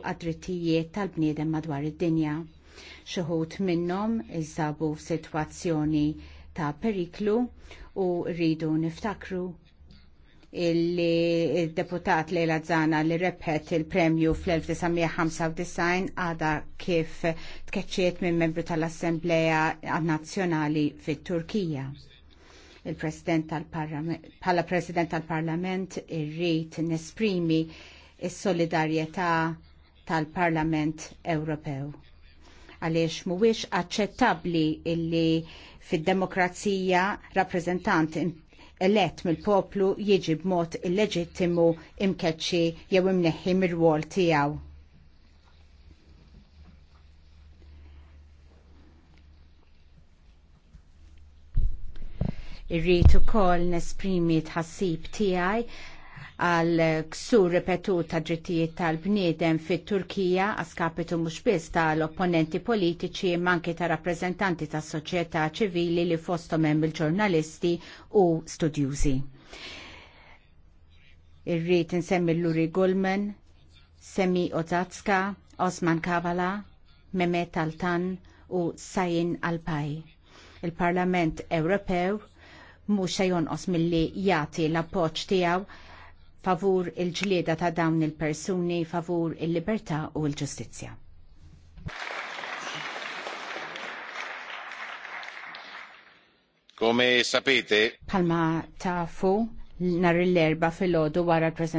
u għad-drittijiet tal-bniedem madwar id-dinja. Xuħut minnom iżabu situazzjoni ta' periklu u rridu niftakru illi il-deputat Lejla Zana li rebħet il-premju fl-1995 għada kif tkeċċiet minn membru tal-Assembleja Nazzjonali fit-Turkija. Il-President tal-Parlament, president tal-Parlament nesprimi is-solidarjetà tal-Parlament Ewropew. Għaliex mhuwiex aċċettabbli illi fid-demokrazija rappreżentant elett mill-poplu jiġi b'mod illeġittimu imkeċċi jew imneħħi mir-rwol tiegħu. Irrid ukoll nesprimi tħassib tiegħi għal ksur ripetut ta' drittijiet tal-bniedem fit turkija għaskapitu mhux biss tal-opponenti politiċi manki ta' rappreżentanti tas soċjetà ċivili li fosthom hemm il-ġurnalisti u studjużi. Irrid insemmi l-Luri Gulman, Semi Ozatska, Osman Kavala, Mehmet Altan u Sajin Alpaj. Il-Parlament Ewropew mhux se jonqos milli jagħti l-appoġġ tiegħu favur il-ġlieda ta' dawn il-persuni favur il-libertà u l-ġustizzja. Come sapete, palma ta' fu nar l-erba fil-ħodu wara l